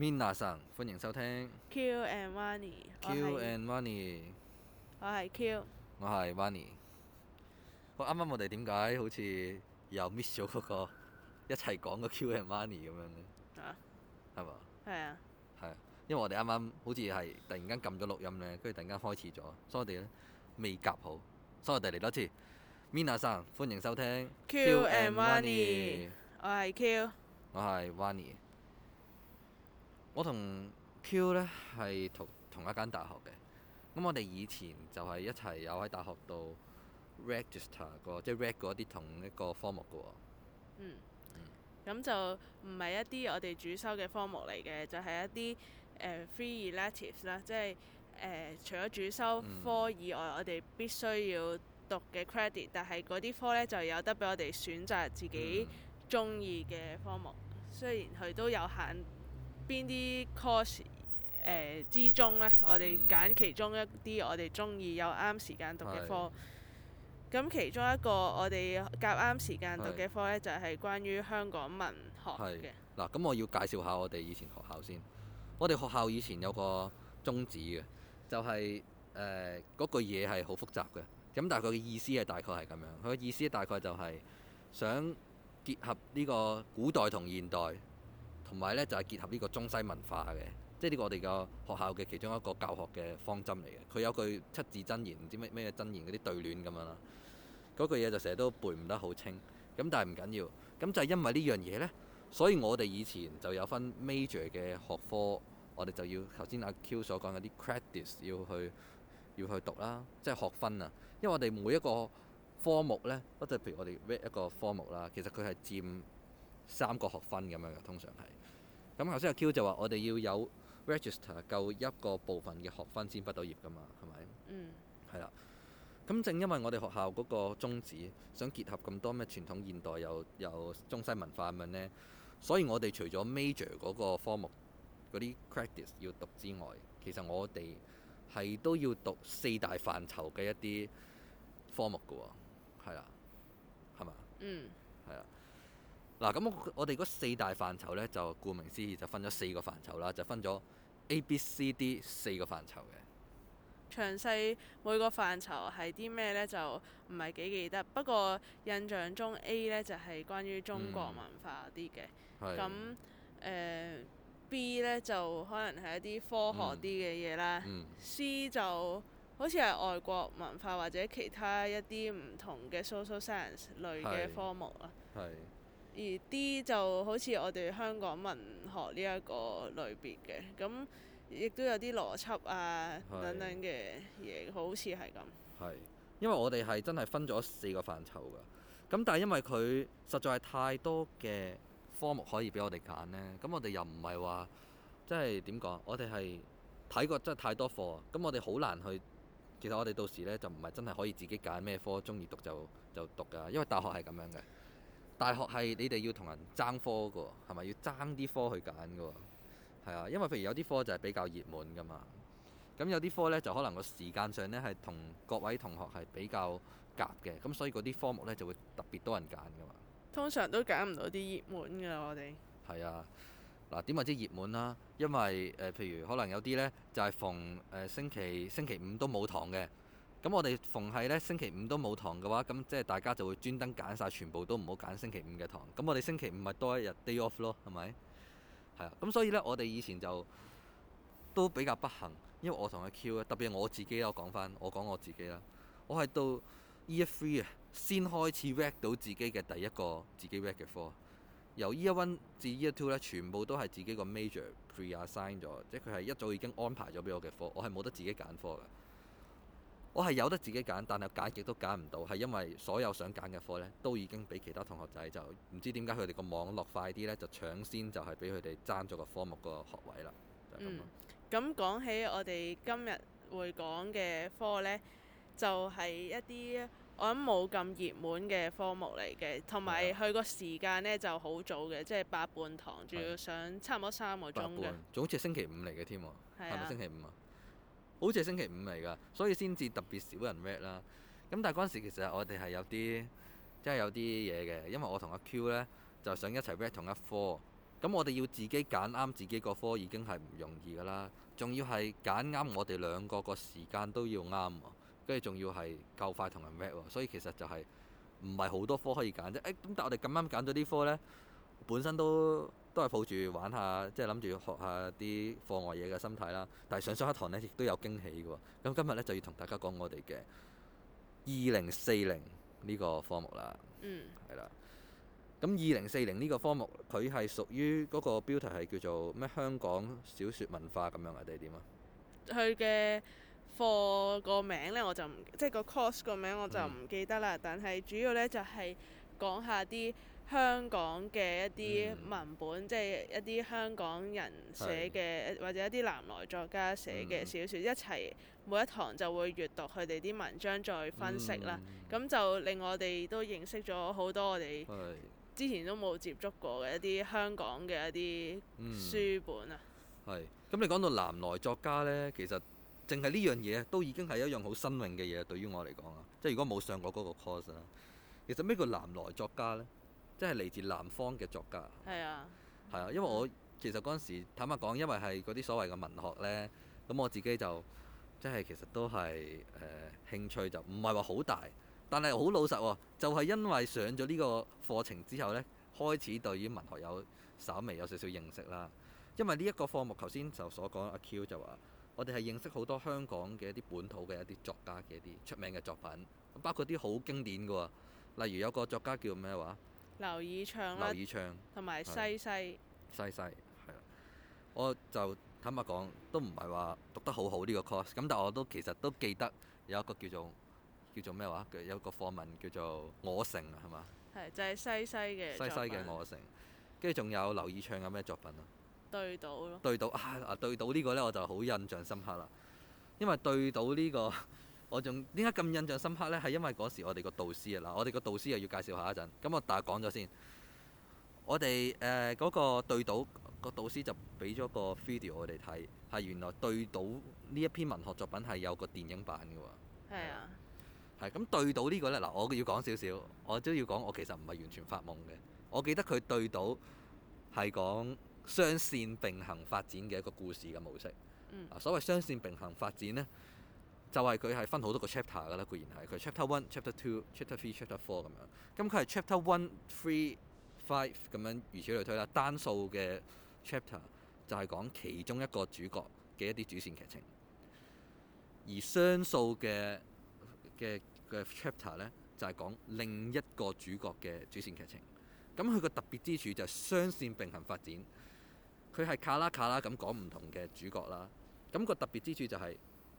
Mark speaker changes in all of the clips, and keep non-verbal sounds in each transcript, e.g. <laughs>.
Speaker 1: Minna-san, 歡迎收聽。
Speaker 2: Q and Money，Q and Money。我係 Q，
Speaker 1: 我係 Vanny。我啱啱我哋點解好似又 miss 咗嗰個一齊講嘅 Q and Money 咁樣呢？Q, 剛剛 one, 啊，係
Speaker 2: 嘛？係啊。
Speaker 1: 係啊，因為我哋啱啱好似係突然間撳咗錄音咧，跟住突然間開始咗，所以我哋咧未夾好，所以我哋嚟多次。Minna-san, 歡迎收聽。Q, Q and, and Money，money 我係 Q，我係 Vanny。我同 Q 呢係同同一間大學嘅，咁我哋以前就係一齊有喺大學度 register 過，即係 read 嗰啲同一個科目嘅喎。
Speaker 2: 嗯。嗯。咁就唔係一啲我哋主修嘅科目嚟嘅，就係、是、一啲誒、呃、free electives 啦，即係、呃、除咗主修科以外，嗯、我哋必須要讀嘅 credit，但係嗰啲科呢，就有得俾我哋選擇自己中意嘅科目，嗯、雖然佢都有限。邊啲 course 誒、呃、之中咧？我哋揀其中一啲我哋中意又啱時間讀嘅科。咁、嗯、其中一個我哋夾啱時間讀嘅科咧，是就係關於香港文學嘅。
Speaker 1: 嗱，咁我要介紹下我哋以前學校先。我哋學校以前有個宗旨嘅，就係誒嗰句嘢係好複雜嘅。咁但係佢嘅意思係大概係咁樣。佢嘅意思大概就係想結合呢個古代同現代。同埋咧就係結合呢個中西文化嘅，即係呢個我哋個學校嘅其中一個教學嘅方針嚟嘅。佢有句七字真言，唔知咩咩真言嗰啲對聯咁樣啦。嗰句嘢就成日都背唔得好清，咁但係唔緊要。咁就係因為呢樣嘢呢，所以我哋以前就有分 major 嘅學科，我哋就要頭先阿 Q 所講嗰啲 credit 要去要去讀啦，即係學分啊。因為我哋每一個科目咧，即係譬如我哋 read 一個科目啦，其實佢係佔三個學分咁樣嘅，通常係。咁頭先阿 Q 就話：我哋要有 register 夠一個部分嘅學分先畢到業㗎嘛，係咪？嗯。係啦。咁正因為我哋學校嗰個宗旨，想結合咁多咩傳統現代又有，有中西文化咁樣咧，所以我哋除咗 major 嗰個科目嗰啲 credit 要讀之外，其實我哋係都要讀四大範疇嘅一啲科目㗎喎、哦，係啦，係嘛？嗯。係啦。嗱，咁我哋嗰四大範疇咧，就顧名思義就分咗四個範疇啦，就分咗 A、B、C、D 四個範疇嘅。
Speaker 2: 詳細每個範疇係啲咩咧？就唔係幾記得，不過印象中 A 咧就係、是、關於中國文化啲嘅，咁誒、嗯呃、B 咧就可能係一啲科學啲嘅嘢啦、嗯嗯、C 就好似係外國文化或者其他一啲唔同嘅 social science 類嘅科目啦。係、嗯。嗯嗯嗯嗯。而啲就好似我哋香港文學呢一個類別嘅，咁亦都有啲邏輯啊
Speaker 1: 是等等
Speaker 2: 嘅嘢，好似係咁。
Speaker 1: 係，因為我哋係真係分咗四個範疇㗎，咁但係因為佢實在係太多嘅科目可以俾我哋揀呢，咁我哋又唔係話即係點講，我哋係睇過真係太多課，咁我哋好難去，其實我哋到時呢，就唔係真係可以自己揀咩科鍾意讀就就讀㗎，因為大學係咁樣嘅。大學係你哋要同人爭科㗎喎，係咪要爭啲科去揀㗎喎？係啊，因為譬如有啲科就係比較熱門㗎嘛。咁有啲科呢，就可能個時間上呢係同各位同學係比較夾嘅，咁所以嗰啲科目呢，就會特別多人揀㗎嘛。
Speaker 2: 通常都揀唔到啲熱門㗎我哋。
Speaker 1: 係啊，嗱點話之熱門啦？因為誒、呃、譬如可能有啲呢，就係逢星期星期五都冇堂嘅。咁我哋逢係咧星期五都冇堂嘅話，咁即係大家就會專登揀晒全部都唔好揀星期五嘅堂。咁我哋星期五咪多一日 day off 咯，係咪？係啊，咁所以咧，我哋以前就都比較不幸，因為我同阿 Q 咧，特別係我自己啦，講翻我講我，我自己啦，我係到 year three 啊，先開始 reg 到自己嘅第一個自己 reg 嘅科，由 year one 至 year two 咧，全部都係自己個 major preassign 咗，即係佢係一早已經安排咗俾我嘅科，我係冇得自己揀科嘅。我係有得自己揀，但係揀極都揀唔到，係因為所有想揀嘅科呢，都已經俾其他同學仔就唔知點解佢哋個網絡快啲呢，就搶先就係俾佢哋爭咗個科目個學位啦。嗯。
Speaker 2: 咁講起我哋今日會講嘅科呢，就係一啲我諗冇咁熱門嘅科目嚟嘅，同埋去個時間呢就好早嘅，即係八半堂，仲要上差唔多三個鐘嘅。
Speaker 1: 仲好似星期五嚟嘅添喎？係咪星期五啊？好似係星期五嚟㗎，所以先至特別少人 read 啦。咁但係嗰陣時其實我哋係有啲，即係有啲嘢嘅，因為我同阿 Q 呢，就想一齊 read 同一科。咁我哋要自己揀啱自己個科已經係唔容易㗎啦，仲要係揀啱我哋兩個個時間都要啱，跟住仲要係夠快同人 read 喎。所以其實就係唔係好多科可以揀啫。誒，咁但係我哋咁啱揀咗啲科呢，本身都～都係抱住玩下，即係諗住學一下啲課外嘢嘅心態啦。但係上咗一堂呢，亦都有驚喜嘅。咁今日呢，就要同大家講我哋嘅二零四零呢個科目啦。嗯。係啦。咁二零四零呢個科目，佢係屬於嗰個標題係叫做咩？香港小說文化咁樣啊？定係點啊？
Speaker 2: 佢嘅課個名呢，我就唔即係個 course 個名，我就唔記得啦。嗯、但係主要呢，就係講下啲。香港嘅一啲文本，嗯、即係一啲香港人寫嘅，是或者一啲南來作家寫嘅小說，嗯、一齊每一堂就會閱讀佢哋啲文章，再分析啦。咁、嗯、就令我哋都認識咗好多我哋之前都冇接觸過嘅一啲香港嘅一啲書本啊。
Speaker 1: 係咁、嗯，你講到南來作家咧，其實淨係呢樣嘢都已經係一樣好新穎嘅嘢，對於我嚟講啊，即係如果冇上過嗰個 course 啦。其實咩叫南來作家咧？即係嚟自南方嘅作家，係啊，係啊，因為我其實嗰陣時坦白講，因為係嗰啲所謂嘅文學呢，咁我自己就即係其實都係誒、呃、興趣就唔係話好大，但係好老實喎，就係、是、因為上咗呢個課程之後呢，開始對於文學有稍微有少少認識啦。因為呢一個課目頭先就所講，阿 Q 就話我哋係認識好多香港嘅一啲本土嘅一啲作家嘅一啲出名嘅作品，包括啲好經典嘅，例如有個作家叫咩話？
Speaker 2: 劉以鬯啦，同埋西西，
Speaker 1: 西西係啦。我就坦白講，都唔係話讀得好好呢個 course 咁，但係我都其實都記得有一個叫做叫做咩話，有一個課文叫做我《我城》係嘛？係就係、
Speaker 2: 是、西西嘅西西嘅《
Speaker 1: 我城》，跟住仲有劉以鬯有咩作品啊？
Speaker 2: 對倒咯，
Speaker 1: 對倒啊，對倒呢個呢，我就好印象深刻啦，因為對倒呢、這個。我仲點解咁印象深刻呢？係因為嗰時我哋個導師啊，嗱，我哋個導師又要介紹下一陣。咁我大講咗先。我哋誒嗰個對倒個導師就俾咗個 video 我哋睇，係原來對倒呢一篇文學作品係有個電影版嘅喎。係啊。係咁對倒呢個呢。嗱，我要講少少，我都要講，我其實唔係完全發夢嘅。我記得佢對倒係講雙線並行發展嘅一個故事嘅模式。嗯、所謂雙線並行發展呢。就係佢係分好多個 chapter 㗎啦，固然係佢 chapter one、chapter two、chapter three、chapter four 咁樣。咁佢係 chapter one、three、five 咁樣，如此類推啦。單數嘅 chapter 就係講其中一個主角嘅一啲主線劇情，而雙數嘅嘅嘅 chapter 呢，就係講另一個主角嘅主線劇情。咁佢個特別之處就係雙線並行發展，佢係卡啦卡啦咁講唔同嘅主角啦。咁個特別之處就係。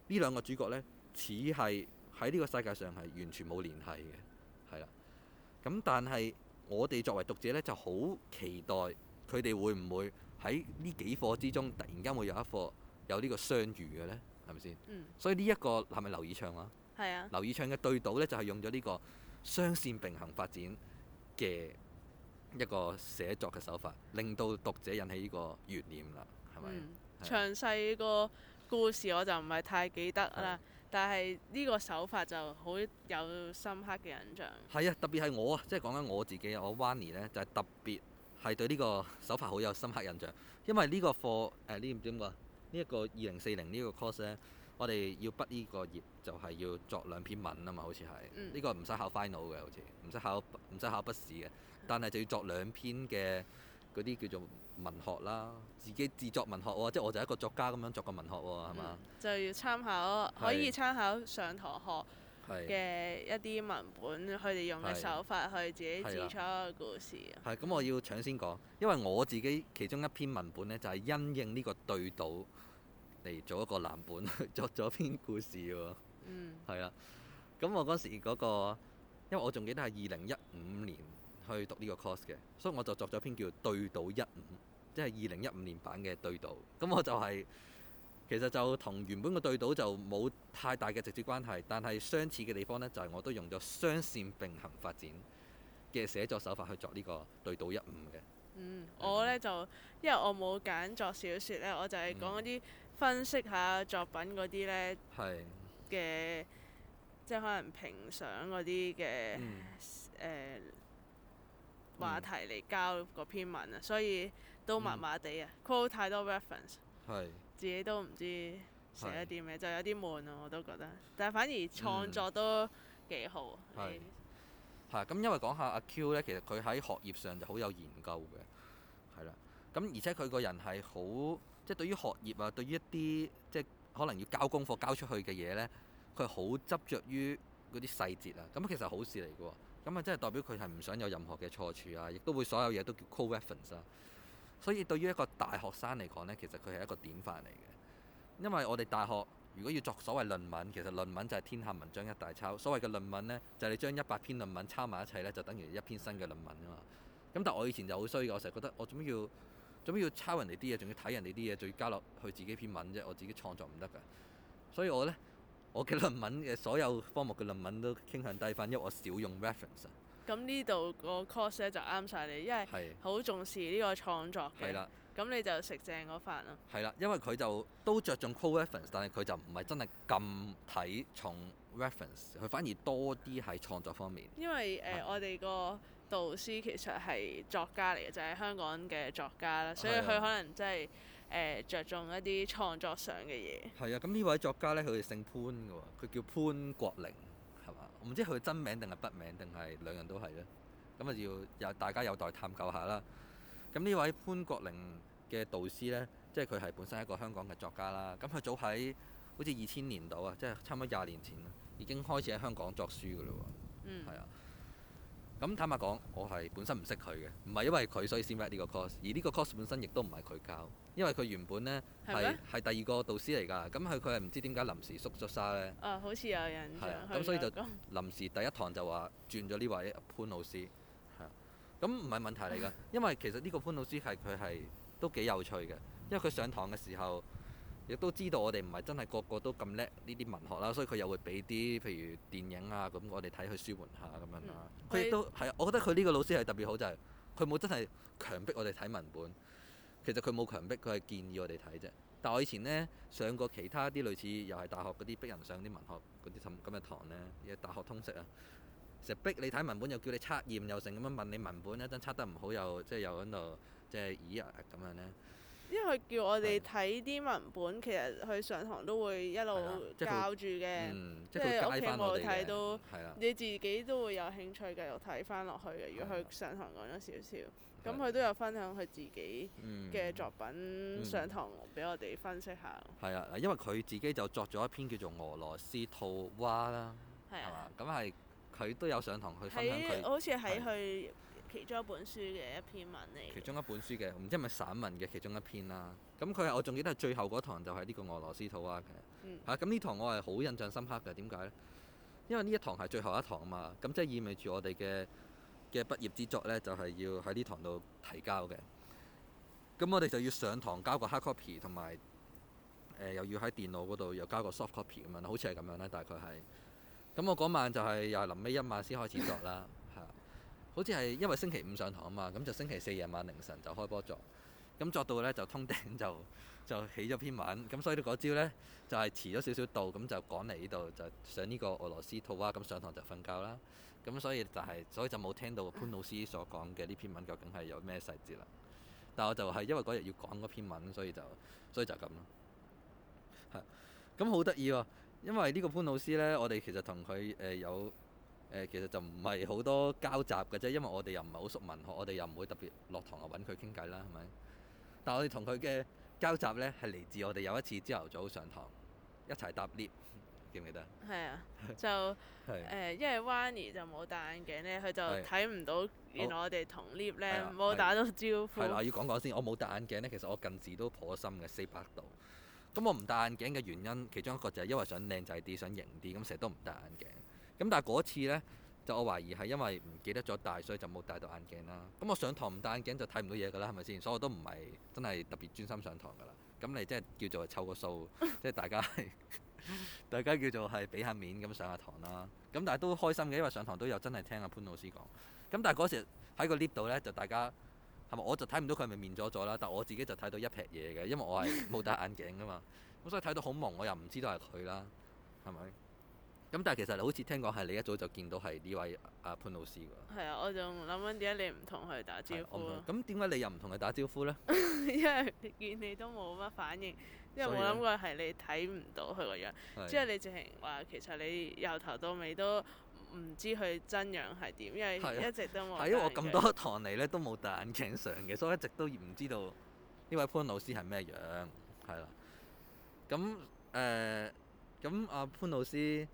Speaker 1: 呢兩個主角呢，似係喺呢個世界上係完全冇聯繫嘅，係啦。咁但係我哋作為讀者呢，就好期待佢哋會唔會喺呢幾課之中，突然間會有一課有呢個相遇嘅呢？係咪先？嗯、所以呢、這、一個係咪劉以鬯啊？係啊的。劉以鬯嘅對倒呢，就係、是、用咗呢個雙線並行發展嘅一個寫作嘅手法，令到讀者引起呢個懸念啦，係咪？嗯。詳
Speaker 2: 細的個。故事我就唔係太記得啦，的但係呢個手法就好有深刻嘅印象。
Speaker 1: 係啊，特別係我啊，即係講緊我自己啊，我 Wany 咧就係、是、特別係對呢個手法好有深刻印象。因為呢個課誒，呢點講呢，一個二零四零呢個 course 咧，我哋要畢呢個業就係、是、要作兩篇文啊嘛，好似係呢個唔使考 final 嘅，好似唔使考唔使考筆試嘅，但係就要作兩篇嘅嗰啲叫做.文學啦，自己自作文學喎，即係我就一個作家咁樣作個文學喎，係嘛、嗯？
Speaker 2: 吧就要參考，可以參考上堂學嘅一啲文本，佢哋的用嘅手法去自己自創一個故事。
Speaker 1: 係咁的，嗯、我要搶先講，因為我自己其中一篇文本呢，就係、是、因應呢個對賭嚟做一個藍本作咗篇故事喎。嗯。係啦，咁我嗰時嗰、那個，因為我仲記得係二零一五年。去讀呢個 course 嘅，所以我就作咗篇叫《對賭一五》，即係二零一五年版嘅《對賭》。咁我就係、是、其實就同原本嘅《對賭》就冇太大嘅直接關係，但係相似嘅地方呢，就係、是、我都用咗雙線並行發展嘅寫作手法去作呢個《對賭一五》嘅。嗯，
Speaker 2: 吧我呢就因為我冇揀作小説呢，我就係講嗰啲分析下作品嗰啲呢嘅，即係可能評賞嗰啲嘅誒。嗯呃嗯、話題嚟交嗰篇文啊，所以都麻麻地啊 Call 太多 reference，係是，自己都唔知寫啲咩，是就有啲悶啊，我都覺得。但係反而創作都幾、嗯、好。係是。
Speaker 1: 係咁你因為講下阿 Q 咧，其實佢喺學業上就好有研究嘅，係啦。咁而且佢個人係好，即、就、係、是、對於學業啊，對於一啲即係可能要交功課交出去嘅嘢咧，佢好執着於嗰啲細節啊。咁其實好事嚟嘅喎。咁啊，即係代表佢係唔想有任何嘅錯處啊，亦都會所有嘢都叫 co-reference 啊。所以對於一個大學生嚟講呢，其實佢係一個典範嚟嘅。因為我哋大學如果要作所謂論文，其實論文就係天下文章一大抄。所謂嘅論文呢，就係、是、你將一百篇論文抄埋一齊呢，就等於一篇新嘅論文啊嘛。咁但係我以前就好衰嘅，我成日覺得我做咩要做咩要抄人哋啲嘢，仲要睇人哋啲嘢，仲要加落去自己篇文啫，我自己創作唔得㗎。所以我呢。我嘅論文嘅所有科目嘅論文都傾向低分，因為我少用 reference。
Speaker 2: 咁呢度個 course 咧就啱晒你，因為好重視呢個創作嘅。咁你就食正嗰飯啦。
Speaker 1: 係啦，因為佢就都着重 co-reference，但係佢就唔係真係咁睇重 reference，佢反而多啲喺創作方面。
Speaker 2: 因為誒、呃，我哋個導師其實係作家嚟嘅，就係香港嘅作家啦，所以佢可能真係。誒著重一啲創作上嘅嘢，
Speaker 1: 係啊，咁呢位作家呢，佢姓潘㗎喎，佢叫潘國玲係嘛？我唔知佢真名定係筆名定係兩樣都係咧，咁啊要有大家有待探究下啦。咁呢位潘國玲嘅導師呢，即係佢係本身一個香港嘅作家啦。咁佢早喺好似二千年度啊，即係差唔多廿年前已經開始喺香港作書㗎喇喎。嗯，係啊。咁、嗯、坦白講，我係本身唔識佢嘅，唔係因為佢所以先揀呢個 course，而呢個 course 本身亦都唔係佢教，因為佢原本呢係係嗎第二個導師嚟㗎，咁佢佢係唔知點解臨時縮咗沙呢？
Speaker 2: 哦、好似有人。象的。啊、嗯，咁所以就、嗯、
Speaker 1: 臨時第一堂就話轉咗呢位潘老師，係啊，咁唔係問題嚟㗎，唉因為其實呢個潘老師係佢係都幾有趣嘅，因為佢上堂嘅時候。亦都知道我哋唔係真係個個都咁叻呢啲文學啦，所以佢又會俾啲譬如電影啊，咁，噉、我哋睇去舒緩下咁樣啦。佢亦、嗯、都係，嗯、我覺得佢呢個老師係特別好，就係佢冇真係強迫我哋睇文本。其實佢冇強迫，佢係建議我哋睇啫。但我以前呢，上過其他啲類似又係大學嗰啲逼人上啲文學嗰啲咁嘅堂呢。啲大學通識啊，成日逼你睇文本，又叫你測驗，又成咁樣問你文本，一陣測得唔好又，又即係又喺度即係咦呀咁樣呢。
Speaker 2: 因為佢叫我哋睇啲文本，的其實佢上堂都會一路教住嘅，即係屋企冇睇到，嗯、你自己都會有興趣的繼續睇翻落去嘅。如果佢上堂講咗少少，咁佢的都有分享佢自己嘅作品上堂俾我哋分析下。
Speaker 1: 係啊，因為佢自己就作咗一篇叫做《俄羅斯套蛙》啦，
Speaker 2: 係嘛的？
Speaker 1: 咁係佢都有上堂去分享佢。好似喺去
Speaker 2: 其中一本書嘅一篇文嚟。其
Speaker 1: 中一本書嘅，唔知係咪散文嘅其中一篇啦。咁佢係我仲記得係最後嗰堂就係呢個俄羅斯土話、嗯、啊。嗯。嚇，咁呢堂我係好印象深刻嘅，點解咧？因為呢一堂係最後一堂嘛，咁即係意味住我哋嘅嘅畢業之作呢，就係、是、要喺呢堂度提交嘅。咁我哋就要上堂交個 hard copy 同埋又要喺電腦嗰度又交個 soft copy 咁樣，好似係咁樣啦，大概係。咁我嗰晚就係、是、又係臨尾一晚先開始作啦。 <laughs> 好似係因為星期五上堂啊嘛，咁就星期四夜晚凌晨就開波作，咁作到呢，就通頂就就起咗篇文，咁所以咧嗰朝咧就係、是、遲咗少少度，咁就趕嚟呢度就上呢個俄羅斯套娃，咁上堂就瞓覺啦，咁所以就係、是、所以就冇聽到潘老師所講嘅呢篇文究竟係有咩細節啦。但我就係因為嗰日要講嗰篇文，所以就所以就係咁咯。咁好得意喎，因為呢個潘老師呢，我哋其實同佢誒有。誒其實就唔係好多交集嘅啫，因為我哋又唔係好熟文學，我哋又唔會特別落堂啊揾佢傾偈啦，係咪？但係我哋同佢嘅交集呢，係嚟自我哋有一次朝頭早上堂一齊搭 lift，記唔記得？係啊，
Speaker 2: 就 <laughs> 啊因為 Winnie 就冇戴眼鏡呢，佢就睇唔到，原來我哋同 lift 咧冇打到招呼。係啦、啊，要講
Speaker 1: 講先，我冇戴眼鏡呢，其實我近視都頗深嘅四百度。咁、嗯、我唔戴眼鏡嘅原因，其中一個就係因為想靚仔啲，想型啲，咁成日都唔戴眼鏡。咁但係嗰次呢，就我懷疑係因為唔記得咗戴，所以就冇戴到眼鏡啦。咁我上堂唔戴眼鏡就睇唔到嘢㗎啦，係咪先？所以我都唔係真係特別專心上堂㗎啦。咁你即係叫做湊個數，即係大家係 <laughs> 大家叫做係俾下面咁上下堂啦。咁但係都開心嘅，因為上堂都有真係聽阿潘老師講。咁但係嗰時喺個 lift 度呢，就大家係咪我就睇唔到佢係咪面咗咗啦？但我自己就睇到一撇嘢嘅，因為我係冇戴眼鏡㗎嘛。咁 <laughs> 所以睇到好朦，我又唔知道係佢啦，係咪？咁、嗯、但係其實你好似聽講係你一早就見到係呢位阿潘老師喎。
Speaker 2: 係啊，我仲諗緊點解你唔同佢打招呼？
Speaker 1: 咁點解你又唔同佢打招呼咧？
Speaker 2: 因為見你都冇乜反應，因為我諗過係你睇唔到佢個樣，即係你直情話其實你由頭到尾都唔知佢真樣係點，因為一直都冇睇咗我咁多
Speaker 1: 堂嚟咧，都冇戴眼鏡上嘅，所以一直都唔知道呢位潘老師係咩樣，係啦。咁誒，咁、呃、阿、啊、潘老師。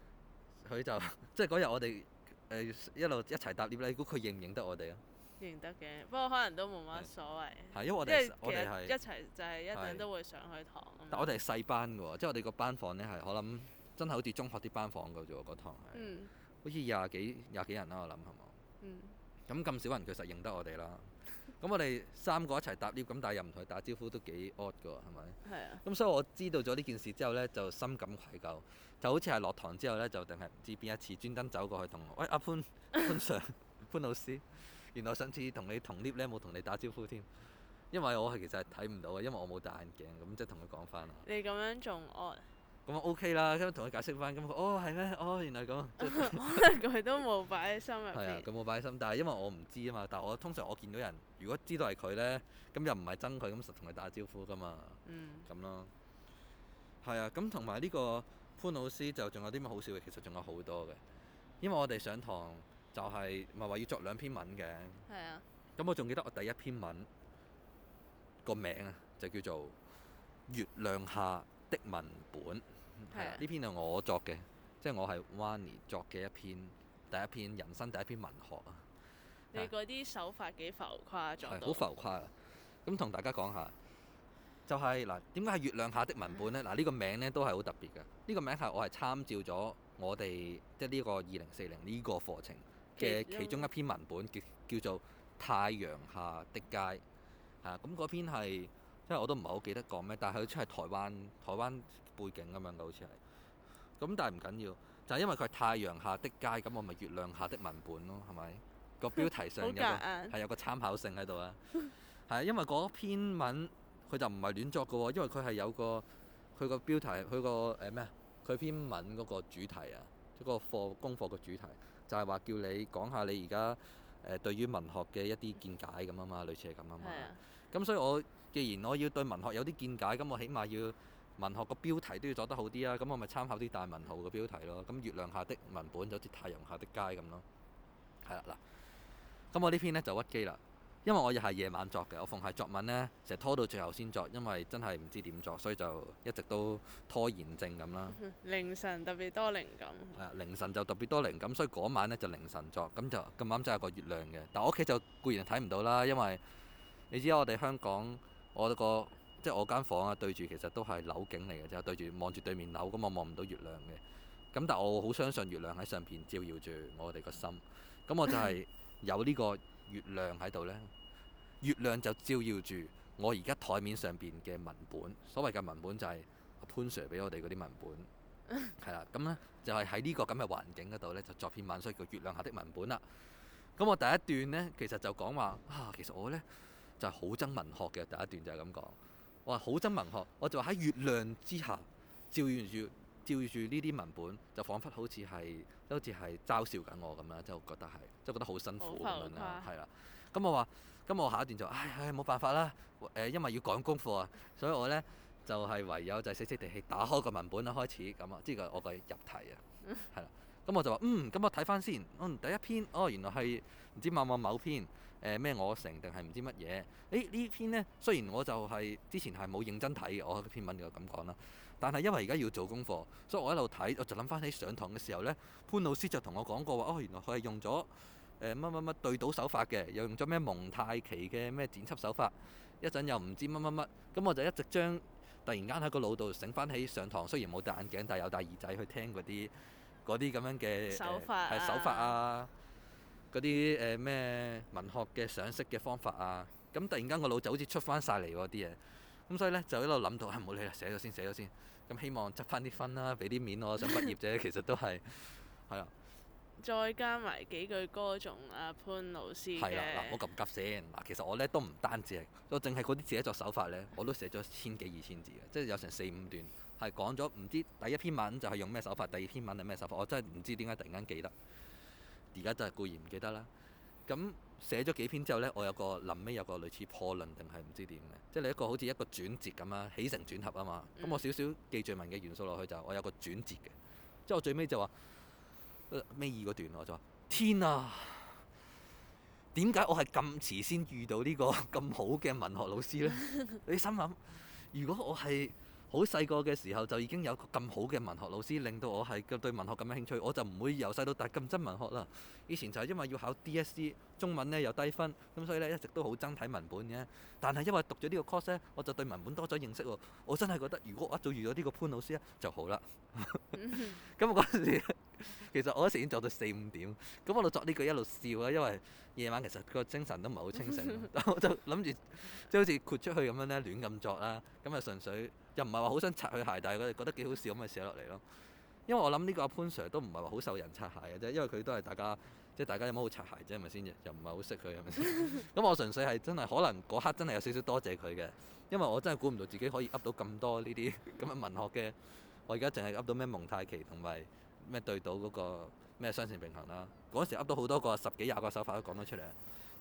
Speaker 1: 佢就即係嗰日我哋誒、呃、一路一齊搭 lift 咧，你估佢認唔認得我哋啊？
Speaker 2: 認得嘅，不過可能都冇乜所謂。係是，因為我哋我哋係是一齊就係一定都會上去堂。是但我哋係
Speaker 1: 細班㗎喎，即係我哋個班房咧係，我諗真係好似中學啲班房㗎啫喎，嗰堂。
Speaker 2: 嗯。
Speaker 1: 好似廿幾廿幾人啦，我諗係冇。嗯。咁咁少人，其實認得我哋啦。咁我哋三個一齊搭 lift，咁但係又唔同佢打招呼，都幾惡噶，係咪？係啊。咁所以我知道咗呢件事之後呢，就深感愧疚，就好似係落堂之後呢，就定係唔知邊一次專登走過去同我，喂阿、啊、潘潘 sir <laughs> 潘老師，原來上次同你同 lift 咧冇同你打招呼添，因為我係其實係睇唔到嘅，因為我冇戴眼鏡，咁即係同佢講翻啦。
Speaker 2: 你咁樣仲惡？
Speaker 1: 咁啊 OK 啦，咁樣同佢解釋翻，咁佢哦係咩？哦，哦原來咁，
Speaker 2: 可能佢都冇擺喺心入邊。係
Speaker 1: 啊， <laughs> 咁冇擺喺心，但係因為我唔知啊嘛。但係我通常我見到人，如果知道係佢咧，咁又唔係憎佢，咁實同佢打招呼噶嘛。嗯，咁咯，係啊。咁同埋呢個潘老師就仲有啲乜好笑嘅，其實仲有好多嘅。因為我哋上堂就係咪話要作兩篇文嘅？係啊的。咁我仲記得我第一篇文個名啊，就叫做月亮下。的文本係啊，呢的篇係我作嘅，即係我係 Yanny 作嘅一篇，第一篇人生第一篇文學啊。你
Speaker 2: 嗰啲手法幾浮誇咗？好的作到 浮
Speaker 1: 誇啊！咁同大家講下，就係嗱，點解係月亮下的文本咧？嗱呢個名咧都係好特別嘅。呢個名係我係參照咗我哋即係呢個二零四零呢個課程
Speaker 2: 嘅其中一篇
Speaker 1: 文本其中 叫叫做《太陽下的街》啊。咁嗰篇係。嗯因為我都唔係好記得講咩，但係佢出係台灣台灣背景咁樣嘅，好似係。咁但係唔緊要，就係因為佢係太陽下的街，咁我咪月亮下的文本咯，係咪？個標題上有係 <laughs> 很剛好有個參考性喺度啊。係啊，因為嗰篇文佢就唔係亂作嘅，因為佢係有個佢個標題，佢個誒咩佢篇文嗰個主題啊，即係嗰個課功課嘅主題，就係話叫你講下你而家誒對於文學嘅一啲見解咁啊嘛，類似係咁啊嘛。 <laughs> 咁所以我既然我要對文學有啲見解，咁我起碼要文學個標題都要做得好啲啊！咁我咪參考啲大文豪嘅標題咯。咁月亮下的文本就好似太陽下的街咁咯。係啦嗱，咁我呢篇呢就屈機啦，因為我又係夜晚作嘅，我逢係作文呢，成日拖到最後先作，因為真係唔知點作，所以就一直都拖延症咁啦。
Speaker 2: 凌晨特別多靈感。係啊，
Speaker 1: 凌晨就特別多靈感，所以嗰晚呢就凌晨作，咁就咁啱就係個月亮嘅。但我屋企就固然睇唔到啦，因為你知我哋香港，我個即係我間房啊，對住其實都係樓景嚟嘅啫，對住望住對面樓咁，我望唔到月亮嘅。咁，但我好相信月亮喺上邊照耀住我哋個心。咁我就係有呢個月亮喺度呢，月亮就照耀住我而家台面上邊嘅文本。所謂嘅文本就係潘 Sir 俾我哋嗰啲文本係啦。咁呢 <laughs> 就係喺呢個咁嘅環境嗰度呢，就作篇文，所以叫月亮下的文本啦。咁我第一段呢，其實就講話啊，其實我呢。」就係好憎文學嘅第一段就係咁講，我話好憎文學，我就話喺月亮之下照住照住呢啲文本，就仿佛好似係都好似係嘲笑緊我咁啦，就係覺得係，即係覺得好辛苦咁樣啦，係啦。咁我話，咁我下一段就唉唉冇辦法啦，誒、呃、因為要趕功課啊，所以我咧就係唯有就係死死地氣打開個文本啦開始咁啊，即係我個入題啊，係啦。咁我就話嗯，咁我睇翻先，嗯第一篇哦原來係唔知某某某篇。誒咩、呃、我成定係唔知乜嘢？誒呢篇呢，雖然我就係、是、之前係冇認真睇嘅，我篇文就咁講啦。但係因為而家要做功課，所以我一路睇，我就諗翻起上堂嘅時候呢，潘老師就同我講過話，哦原來佢係用咗乜乜乜對倒手法嘅，又用咗咩蒙太奇嘅咩剪輯手法，一陣又唔知乜乜乜。咁我就一直將突然間喺個腦度醒翻起上堂，雖然冇戴眼鏡，但係有戴耳仔去聽嗰啲嗰啲咁樣嘅手法啊手法啊。嗰啲誒咩文學嘅賞識嘅方法啊，咁突然間個腦就好似出翻晒嚟喎啲嘢，咁所以呢，就喺度諗到啊，唔好理啦，寫咗先，寫咗先，咁希望執翻啲分啦，俾啲面我想畢業啫，其實都係係啊，
Speaker 2: 再加埋幾句歌頌啊潘老師嘅，嗱我
Speaker 1: 咁急寫先？嗱，其實我呢都唔單止係，我淨係嗰啲寫作手法呢，我都寫咗千幾二千字嘅，即係有成四五段係講咗，唔知第一篇文就係用咩手法，第二篇文係咩手法，我真係唔知點解突然間記得。而家都係固然唔記得啦。咁寫咗幾篇之後呢，我有個臨尾有個類似破論定係唔知點嘅，即係你一個好似一個轉折咁啊，起承轉合啊嘛。咁、嗯、我少少記敘文嘅元素落去就我有個轉折嘅，即係我最尾就話尾二嗰段我就話天啊，點解我係咁遲先遇到呢個咁好嘅文學老師呢？ <laughs> 你想想」你心諗如果我係好細個嘅時候就已經有個咁好嘅文學老師，令到我係對文學咁有興趣，我就唔會由細到大咁憎文學啦。以前就係因為要考 DSE 中文呢又低分，咁所以呢一直都好憎睇文本嘅。但係因為讀咗呢個 course 呢，我就對文本多咗認識喎。我真係覺得如果一早遇到呢個潘老師咧就好啦。咁我嗰陣時。 <laughs> <laughs> 其實我嗰時已經做到四五點，咁我喺度作呢句一路笑啦，因為夜晚其實個精神都唔係好清醒， <laughs> <laughs> 我就諗住即係好似豁出去咁樣咧，亂咁作啦，咁啊純粹又唔係話好想擦佢鞋，但係我覺得幾好笑咁咪寫落嚟咯。因為我諗呢個阿潘 Sir 都唔係話好受人擦鞋嘅啫，因為佢都係大家即係、就是、大家有冇好擦鞋啫，係咪先？又唔係好識佢係咪先？咁 <laughs> <laughs> 我純粹係真係可能嗰刻真係有少少多謝佢嘅，因為我真係估唔到自己可以噏到咁多呢啲咁嘅文學嘅，我而家淨係噏到咩蒙太奇同埋。咩對到嗰個咩雙線並行啦？嗰時噏到好多個十幾廿個手法都講得出嚟。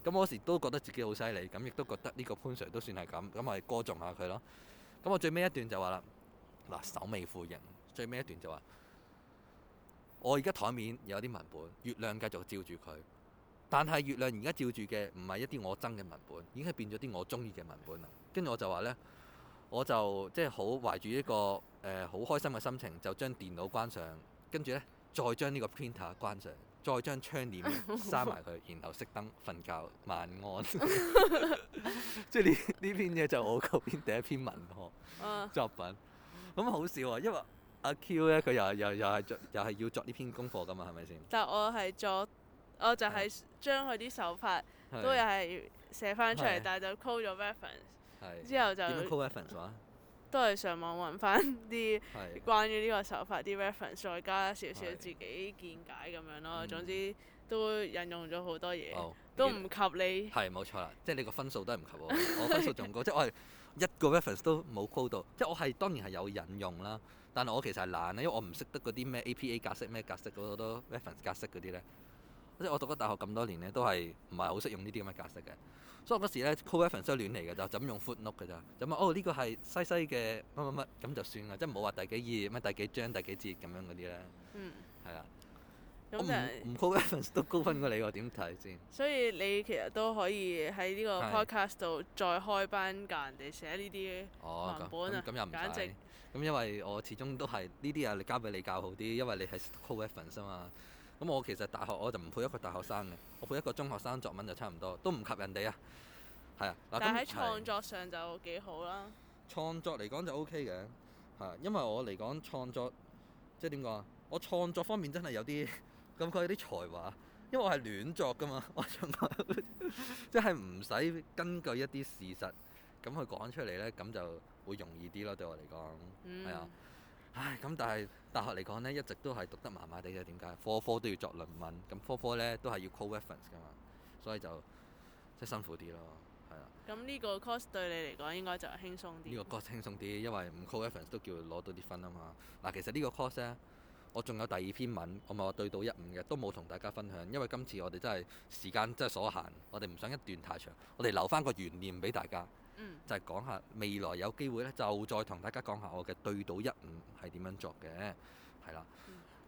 Speaker 1: 咁嗰時都覺得自己好犀利，咁亦都覺得呢個潘 Sir 都算係咁，咁我哋歌頌下佢咯。咁我最尾一段就話啦，嗱、啊，首尾呼應最尾一段就話，我而家枱面有啲文本，月亮繼續照住佢，但係月亮而家照住嘅唔係一啲我憎嘅文本，已經係變咗啲我中意嘅文本啦。跟住我就話呢，我就即係、就是、好懷住一個誒好、呃、開心嘅心情，就將電腦關上。跟住咧，再將呢個 printer 關上，再將窗簾閂埋佢，然後熄燈瞓覺，晚安。即係呢呢篇嘢就我後邊第一篇文學作品。咁、啊、好笑啊、哦，因為阿 Q 咧，佢又又又係作，又係要作呢篇功課噶嘛，係咪先？
Speaker 2: 但係我係作，我就係將佢啲手法都的又係寫翻出嚟，的但係就 call 咗 reference，
Speaker 1: 之後就。點樣 call reference 啊？
Speaker 2: 都係上網揾翻啲關於呢個手法啲 reference，對再加少少自己見解咁樣咯。嗯、總之都引用咗好多嘢，哦、都唔及你。
Speaker 1: 係冇、嗯、錯啦，即係你個分數都係唔及我， <laughs> 我分數仲高。即係我係一個 reference 都冇 quote 到，即係我係當然係有引用啦，但係我其實係懶啦，因為我唔識得嗰啲咩 APA 格式、咩格式嗰度都 reference 格式嗰啲咧。即係我讀咗大學咁多年咧，都係唔係好識用呢啲咁嘅格式嘅。所以嗰時咧 c o l l e v e n c e 都亂嚟嘅就咁用 footnote 嘅啫，就問哦呢、呢個係西西嘅乜乜乜，咁就算啦，即唔好話第幾頁、乜第幾章、第幾節咁樣嗰啲咧。嗯。係啦、
Speaker 2: 啊。咁唔
Speaker 1: c o l l e v e n c e 都高分過你喎？點睇先？
Speaker 2: 所以你其實都可以喺呢個 podcast 度再開班教、啊、人哋寫呢啲哦，咁、oh, okay. 嗯嗯、又唔
Speaker 1: 簡直。咁因為我始終都係呢啲嘢，交你交俾你教好啲，因為你係 c o l l e v e n c e 啊嘛。咁我其實大學我就唔配一個大學生嘅，我配一個中學生作文就差唔多，都唔及人哋啊。係啊，但係喺創
Speaker 2: 作上就幾好啦。
Speaker 1: 創作嚟講就 O K 嘅，嚇、啊，因為我嚟講創作，即係點講啊？我創作方面真係有啲咁佢有啲才華，因為我係亂作噶嘛，我創作，即係唔使根據一啲事實咁去講出嚟呢，咁就會容易啲咯。對我嚟講，係啊。嗯。唉，咁但係大學嚟講呢，一直都係讀得麻麻地嘅。點解？科科都要作論文，咁科科呢，都係要 call reference 噶嘛，所以就即係辛苦啲咯，係啦。
Speaker 2: 咁呢個 course 對你嚟講應該就輕
Speaker 1: 鬆啲。呢個 course 輕鬆啲，因為唔 call reference 都叫你攞到啲分啊嘛。嗱，啊，其實呢個 course 呢，我仲有第二篇文，我咪係話對到一五嘅，都冇同大家分享，因為今次我哋真係時間真係所限，我哋唔想一段太長，我哋留翻個懸念俾大家。嗯、就係講下未來有機會咧，就再同大家講下我嘅對賭一五係點樣作嘅，係啦。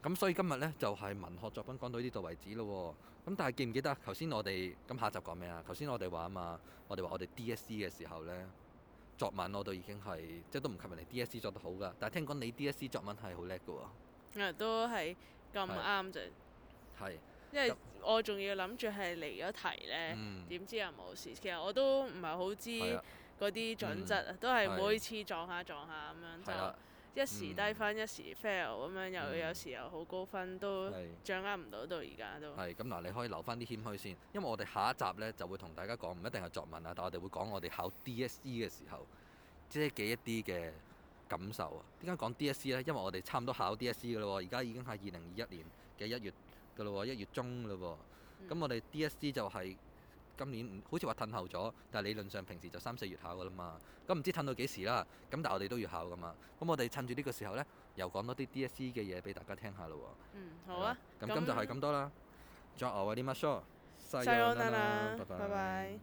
Speaker 1: 咁、嗯、所以今日咧就係、是、文學作品講到呢度為止咯。咁但係記唔記得頭先我哋咁下集講咩啊？頭先我哋話啊嘛，我哋話我哋 DSE 嘅時候咧，作文我都已經係即係都唔及人哋 DSE 作得好噶。但係聽講你 DSE 作文係好叻嘅
Speaker 2: 喎，啊都係咁啱啫，
Speaker 1: 係。是就因為
Speaker 2: 我仲要諗住係離咗題呢，點、嗯、知又冇事。其實我都唔係好知嗰啲準則啊，嗯、都係每次撞下撞下咁樣，嗯、就一時低分，嗯、一時 fail 咁樣，嗯、又有時候好高分，都掌握唔到到而家都
Speaker 1: 係咁。嗱，你可以留翻啲謙虛先，因為我哋下一集呢就會同大家講，唔一定係作文啊，但我哋會講我哋考 DSE 嘅時候，即係嘅一啲嘅感受啊。點解講 DSE 呢？因為我哋差唔多考 DSE 噶啦，而家已經係二零二一年嘅一月。噶啦一月中嘞喎，咁、嗯、我哋 D.S.C 就係今年好似話褪後咗，但係理論上平時就三四月考噶啦嘛，咁唔知褪到幾時啦，咁但係我哋都要考噶嘛，咁我哋趁住呢個時候呢，又講多啲 D.S.C 嘅嘢俾大家聽下咯喎。嗯，好啊。咁、嗯、今就係咁多啦。那じゃ終わりましょう。さようなら。拜拜。